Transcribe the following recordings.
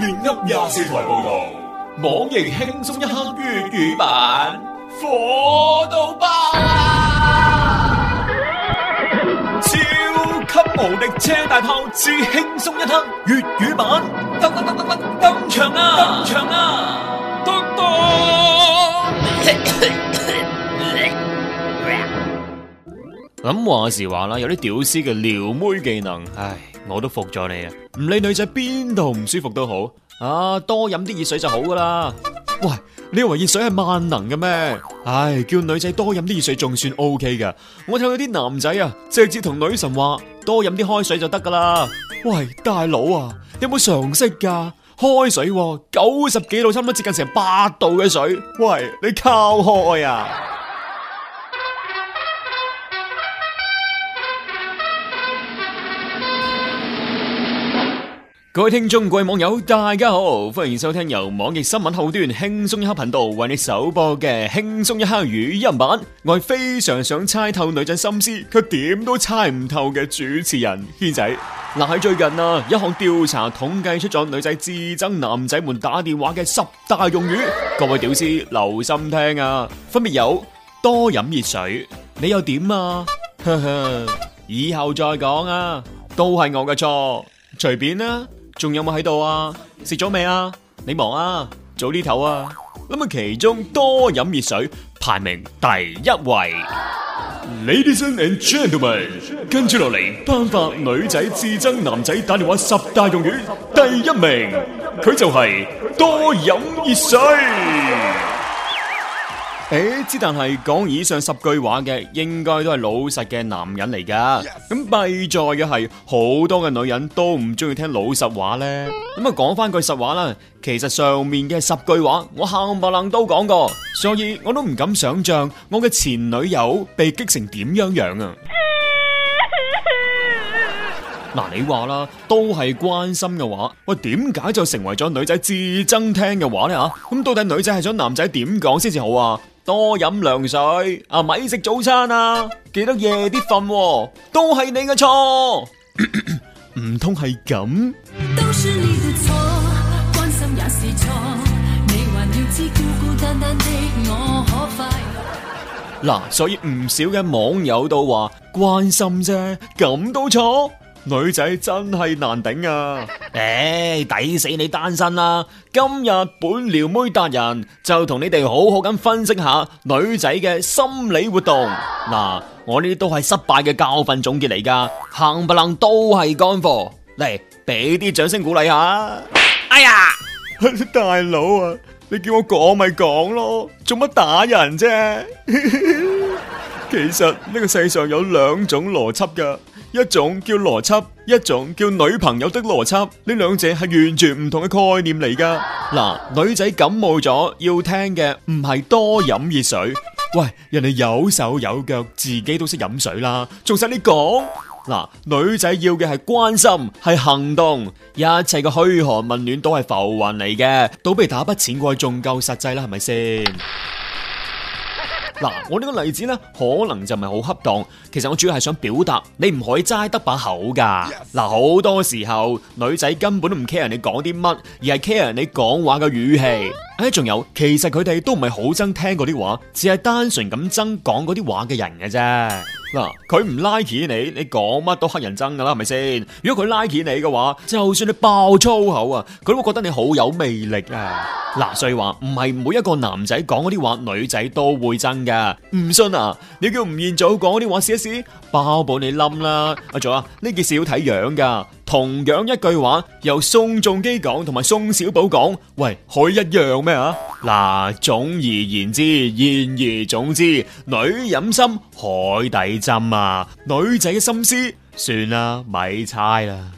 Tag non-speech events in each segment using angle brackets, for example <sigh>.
粵噏廿四台，報道，網易輕鬆一刻粵語版，火到爆啊！ <laughs> 超級無敵車大炮之輕鬆一刻粵語版，登登登登登登場啊！登場啊！登登。咁話時話啦，有啲屌絲嘅撩妹技能，唉，我都服咗你啊！唔理女仔邊度唔舒服都好，啊，多飲啲熱水就好噶啦。喂，你以為熱水係萬能嘅咩？唉，叫女仔多飲啲熱水仲算 OK 噶。我睇到啲男仔啊，直接同女神話多飲啲開水就得噶啦。喂，大佬啊，有冇常識噶？開水九十幾度，差唔多接近成八度嘅水。喂，你靠開啊！各位聽眾、各位網友，大家好，歡迎收聽由網易新聞客戶端輕鬆一刻頻道為你首播嘅輕鬆一刻語音版。我係非常想猜透女仔心思，卻點都猜唔透嘅主持人軒仔。嗱喺最近啊，一項調查統計出咗女仔至憎男仔們打電話嘅十大用語。各位屌絲留心聽啊，分別有：多飲熱水，你又點啊？呵呵，以後再講啊，都係我嘅錯，隨便啦。仲有冇喺度啊？食咗未啊？你忙啊？早啲唞啊！咁啊，其中多飲熱水排名第一位。 <laughs> Ladies and gentlemen，跟住落嚟頒發女仔至憎男仔打電話十大用語第一名，佢就係多飲熱水。誒，之、欸、但係講以上十句話嘅，應該都係老實嘅男人嚟噶。咁弊在嘅係，好多嘅女人都唔中意聽老實話呢。咁啊、mm，講、hmm. 翻句實話啦，其實上面嘅十句話我冚唪唥都講過，所以我都唔敢想象我嘅前女友被激成點樣樣啊！嗱、mm hmm. 啊，你話啦，都係關心嘅話，喂，點解就成為咗女仔至憎聽嘅話呢？吓？咁到底女仔係想男仔點講先至好啊？多飲涼水啊，咪食早餐啊，記得夜啲瞓喎，都係你嘅錯，唔通係咁？嗱咳咳、啊，所以唔少嘅網友都話：關心啫，咁都錯。女仔真係難頂啊！誒、欸，抵死你單身啦，啊！今日本撩妹達人就同你哋好好咁分析下女仔嘅心理活動。嗱，我呢啲都係失敗嘅教訓總結嚟噶，冚唪唥都係乾貨。嚟，俾啲掌聲鼓勵下。哎呀， <laughs> 大佬啊，你叫我講咪講咯，做乜打人啫？ <laughs> 其實呢個世上有兩種邏輯噶。一種叫邏輯，一種叫女朋友的邏輯，呢兩者係完全唔同嘅概念嚟噶。嗱，女仔感冒咗要聽嘅唔係多飲熱水，喂，人哋有手有腳，自己都識飲水啦，仲使你講？嗱，女仔要嘅係關心，係行動，一切嘅噓寒問暖都係浮雲嚟嘅，倒比打筆錢過去，仲夠實際啦，係咪先？嗱，我呢個例子呢，可能就唔係好恰當。其實我主要係想表達，你唔可以齋得把口噶。嗱，好多時候女仔根本都唔 care 你講啲乜，而係 care 你講話嘅語氣。誒、哎，仲有，其實佢哋都唔係好憎聽嗰啲話，只係單純咁憎講嗰啲話嘅人嘅啫。嗱，佢唔 like 你，你講乜都乞人憎噶啦，係咪先？如果佢 like 你嘅話，就算你爆粗口啊，佢都會覺得你好有魅力啊。嗱，所以話唔係每一個男仔講嗰啲話，女仔都會憎噶。唔信啊，你叫吳彥祖講嗰啲話試一試，包保你冧啦。阿祖啊，呢件事要睇樣噶。同樣一句話，由宋仲基講同埋宋小寶講，喂，可以一樣咩啊？嗱，總而言之，言而總之，女人心海底針啊，女仔嘅心思，算啦，咪猜啦。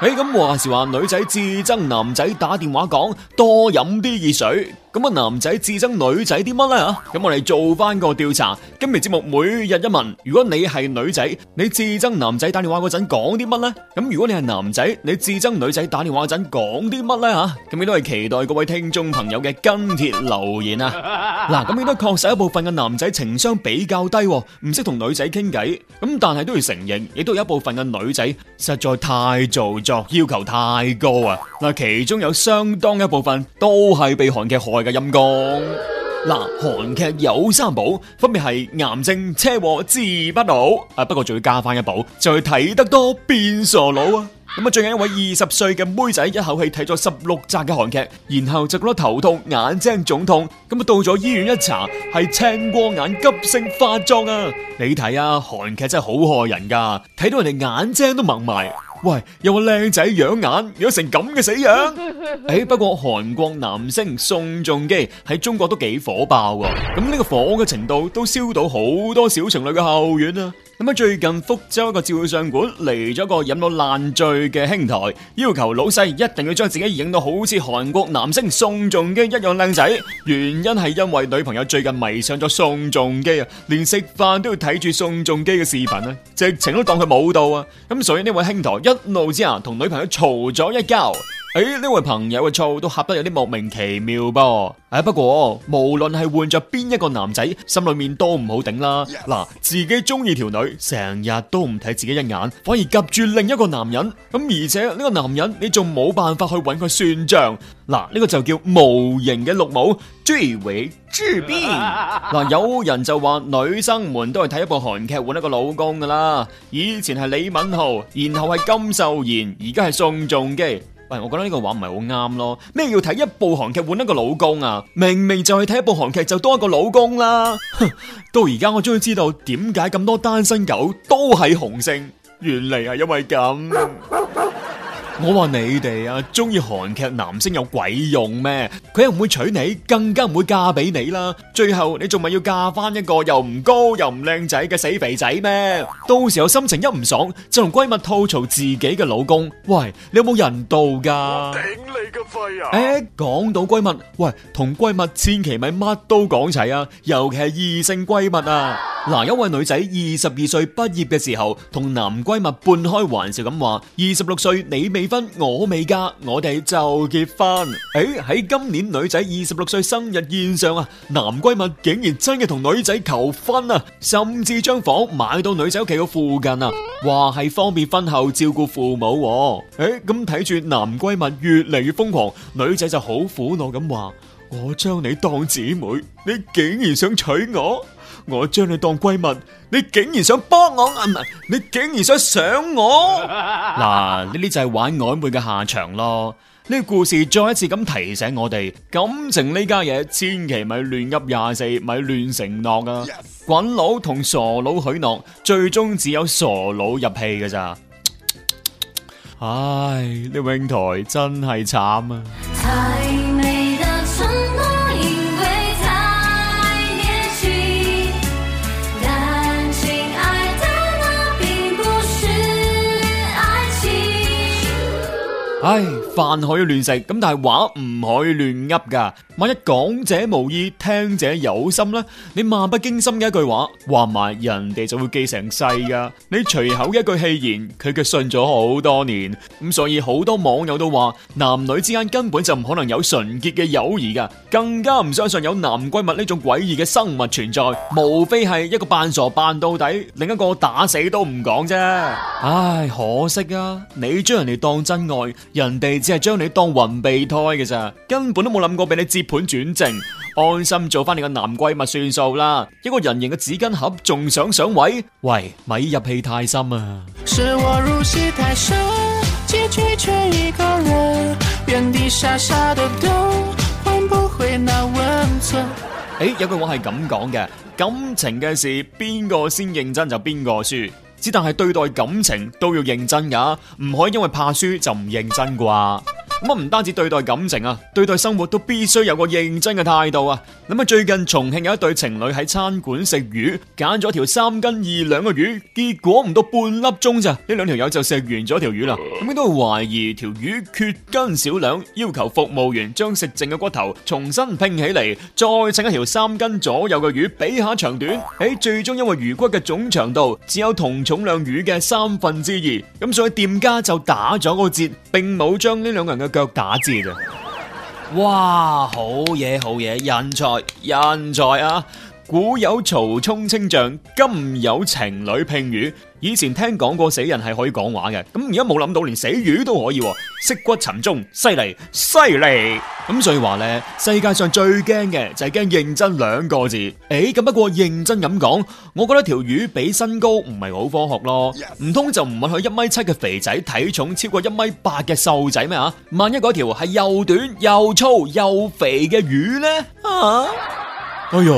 誒，咁話時話，女仔最憎男仔打電話講多飲啲熱水，咁啊男仔最憎女仔啲乜呢啊？咁我哋做翻個調查，今日節目每日一問，如果你係女仔，你最憎男仔打電話嗰陣講啲乜呢？咁如果你係男仔，你最憎女仔打電話陣講啲乜呢啊？咁你都係期待各位聽眾朋友嘅跟帖留言啊！嗱，咁亦都確實有一部分嘅男仔情商比較低，唔識同女仔傾偈，咁但係都要承認，亦都有一部分嘅女仔實在太做作要求太高啊！嗱，其中有相當一部分都係被韓劇害嘅陰功。嗱，啊，韓劇有三寶，分別係癌症、車禍、治不老。啊，不過仲要加翻一寶，就係、是、睇得多變傻佬啊！咁啊，最近一位二十歲嘅妹仔一口氣睇咗十六集嘅韓劇，然後就覺得頭痛、眼睛腫痛。咁啊，到咗醫院一查，係青光眼急性發作啊！你睇啊，韓劇真係好害人噶，啊，睇到人哋眼睛都蒙埋。喂，有個靚仔養眼，養成咁嘅死樣。誒、 <laughs> 哎，不過韓國男星宋仲基喺中國都幾火爆㗎，咁呢個火嘅程度都燒到好多小情侶嘅後院啊。咁喺最近福州一個照相館，嚟咗個飲到爛醉嘅兄台，要求老細一定要將自己影到好似韓國男星宋仲基一樣靚仔。原因係因為女朋友最近迷上咗宋仲基啊，連食飯都要睇住宋仲基嘅視頻啊，直情都當佢冇到啊。咁所以呢位兄台一怒之下同女朋友吵咗一交。誒，呢、哎、位朋友嘅醋都呷得有啲莫名其妙噃。誒、哎，不過無論係換着邊一個男仔，心裏面都唔好頂啦。嗱，自己中意條女，成日都唔睇自己一眼，反而夾住另一個男人。咁而且呢、這個男人，你仲冇辦法去揾佢算賬。嗱，呢、這個就叫無形嘅綠帽追尾追邊。嗱，有人就話女生們都係睇一部韓劇換一個老公噶啦。以前係李敏鎬，然後係金秀賢，而家係宋仲基。喂，我覺得呢個話唔係好啱咯，咩要睇一部韓劇換一個老公啊？明明就係睇一部韓劇就多一個老公啦！哼，到而家我終於知道點解咁多單身狗都係雄性，原嚟係因為咁。 <laughs> 我話你哋啊，中意韓劇男星有鬼用咩？佢又唔會娶你，更加唔會嫁俾你啦。最後你仲咪要嫁翻一個又唔高又唔靚仔嘅死肥仔咩？到時候心情一唔爽，就同閨蜜吐槽自己嘅老公。喂，你有冇人道噶？頂你個肺啊！誒，講到閨蜜，喂，同閨蜜千祈咪乜都講齊啊，尤其係異性閨蜜啊。嗱，有一位女仔二十二歲畢業嘅時候，同男閨蜜半開玩笑咁話：二十六歲你未。婚我未嫁，我哋就結婚。誒、欸，喺今年女仔二十六歲生日宴上啊，男閨蜜竟然真嘅同女仔求婚啊，甚至將房買到女仔屋企嘅附近啊，話係方便婚後照顧父母。誒、欸，咁睇住男閨蜜越嚟越瘋狂，女仔就好苦惱咁話：我將你當姊妹，你竟然想娶我？我將你當閨蜜，你竟然想幫我，唔係，你竟然想想我？嗱， <laughs> 呢啲就係玩曖昧嘅下場咯。呢個故事再一次咁提醒我哋，感情呢家嘢千祈咪亂噏廿四，咪亂承諾啊！滾 Yes! 佬同傻佬許諾，最終只有傻佬入戲㗎咋？唉，呢、這個、泳台真係慘啊！ <music> 唉，飯可以亂食，咁但係話唔可以亂噏㗎。萬一講者無意，聽者有心咧，你漫不經心嘅一句話，話埋人哋就會記成世噶。你隨口一句戲言，佢卻信咗好多年。咁所以好多網友都話，男女之間根本就唔可能有純潔嘅友誼噶，更加唔相信有男閨蜜呢種詭異嘅生物存在。無非係一個扮傻扮到底，另一個打死都唔講啫。唉，可惜啊，你將人哋當真愛，人哋只係將你當雲備胎嘅咋，根本都冇諗過俾你接，盤轉正，安心做翻你個男閨蜜算數啦！一個人形嘅紙巾盒，仲想上位？喂，咪入戲太深啊！是我入戲太深，結局卻一個人原地傻傻的等，換不回那溫存。哎、欸，有句話係咁講嘅，感情嘅事邊個先認真就邊個輸，只但係對待感情都要認真噶，唔可以因為怕輸就唔認真啩。咁啊，唔單止對待感情啊，對待生活都必須有個認真嘅態度啊！諗下最近重慶有一對情侶喺餐館食魚，揀咗條三斤二兩嘅魚，結果唔到半粒鐘咋，呢兩條友就食完咗條魚啦。咁都懷疑條魚缺斤少兩，要求服務員將食剩嘅骨頭重新拼起嚟，再整一條三斤左右嘅魚比下長短。喺最終因為魚骨嘅總長度只有同重量魚嘅三分之二，咁所以店家就打咗個折，並冇將呢兩個人嘅腳打字啊！哇，好嘢好嘢，人才人才啊！古有曹沖稱象，今有情侶拼魚。以前聽講過死人係可以講話嘅，咁而家冇諗到連死魚都可以，識骨尋蹤，犀利犀利。咁 <music> 所以話呢，世界上最驚嘅就係、是、驚認真兩個字。誒、欸，咁不過認真咁講，我覺得條魚比身高唔係好科學咯，唔通就唔問佢一米七嘅肥仔體重超過一米八嘅瘦仔咩啊？萬一嗰條係又短又粗又肥嘅魚呢？啊！哎喲，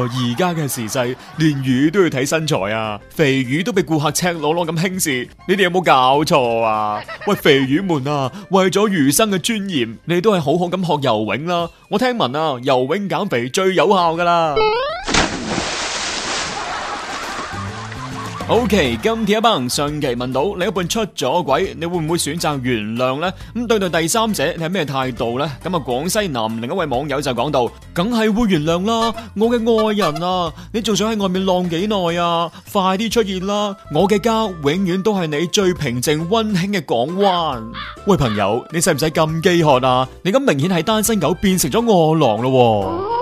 而家嘅時勢，連魚都要睇身材啊！肥魚都被顧客赤裸裸咁輕視，你哋有冇搞錯啊？喂，肥魚們啊，為咗餘生嘅尊嚴，你哋都係好好咁學游泳啦！我聽聞啊，游泳減肥最有效噶啦。嗯好嘅，okay, 今天一班上期問到另一半出咗軌，你會唔會選擇原諒呢？咁對待第三者，你係咩態度呢？咁啊，廣西南寧一位網友就講到：梗係會原諒啦，我嘅愛人啊，你仲想喺外面浪幾耐啊？快啲出現啦，我嘅家永遠都係你最平靜温馨嘅港灣。喂，朋友，你使唔使咁飢渴啊？你咁明顯係單身狗變成咗餓狼咯，哦。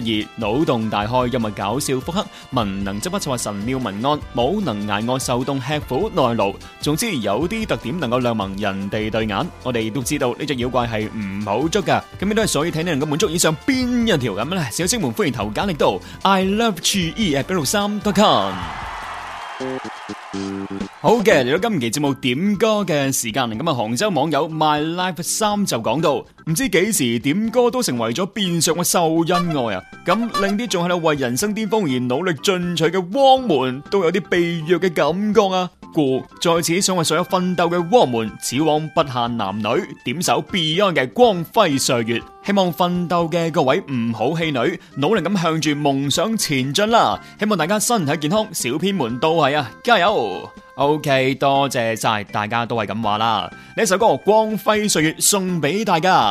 而腦洞大開，又咪搞笑腹黑，文能執筆，就話神妙文案，武能挨餓受凍吃苦耐勞，總之有啲特點能夠亮明人哋對眼。我哋都知道呢隻妖怪係唔好捉噶，咁亦都係所以睇你能夠滿足以上邊一條咁咧？小星們歡迎投簡歷到 i love ge at 163 dot com。好嘅，嚟到今期節目點歌嘅時間，咁啊，杭州網友 my life 三就講到。唔知幾時點歌都成為咗變相嘅秀恩愛啊！咁令啲仲係為人生巔峰而努力進取嘅汪們都有啲被虐嘅感覺啊！故在此想為所有奮鬥嘅汪們，指往不限男女，點首 Beyond 嘅《光輝歲月》，希望奮鬥嘅各位唔好氣餒，努力咁向住夢想前進啦！希望大家身體健康，小編們都係啊，加油！OK，多謝晒，大家都係咁話啦。呢首歌《光輝歲月》送俾大家。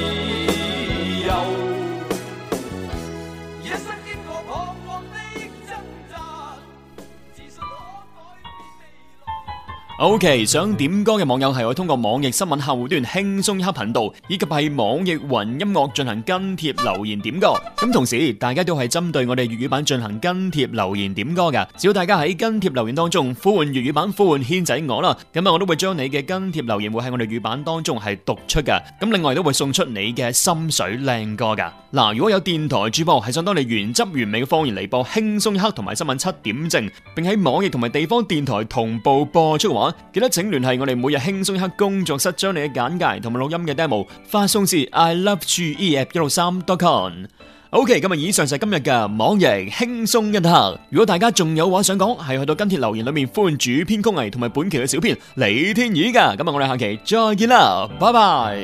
O.K. 想點歌嘅網友係可以通過網易新聞客戶端輕鬆一刻頻道，以及係網易雲音樂進行跟帖留言點歌。咁同時，大家都係針對我哋粵語版進行跟帖留言點歌噶。只要大家喺跟帖留言當中呼喚粵語版，呼喚軒仔我啦，咁啊，我都會將你嘅跟帖留言會喺我哋粵版當中係讀出噶。咁另外都會送出你嘅心水靚歌噶。嗱，如果有電台主播係想當你原汁原味嘅方言嚟播輕鬆一刻同埋新聞七點正，並喺網易同埋地方電台同步播出嘅話。記得請聯繫我哋每日輕鬆一刻工作室，將你嘅簡介同埋錄音嘅 demo 發送至 i love g e app 一六三 dot com。OK，今日以上就係今日嘅網易輕鬆一刻。如果大家仲有話想講，係去到跟帖留言裏面，歡迎主編、曲藝同埋本期嘅小編李天宇噶。噉我哋下期再見啦，拜拜。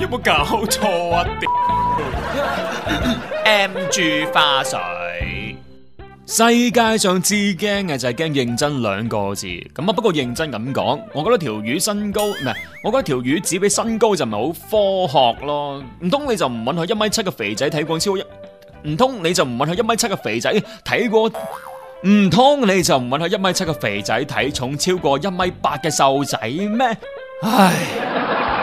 有冇搞錯啊？點？M G 花絮。世界上至驚嘅就係、是、驚認真兩個字，咁啊不過認真咁講，我覺得條魚身高唔係，我覺得條魚只比身高就唔係好科學咯，唔通你就唔允許一米七嘅肥仔睇過超一，唔通你就唔允許一米七嘅肥仔睇過，唔通你就唔允許一米七嘅肥仔體重超過一米八嘅瘦仔咩？唉。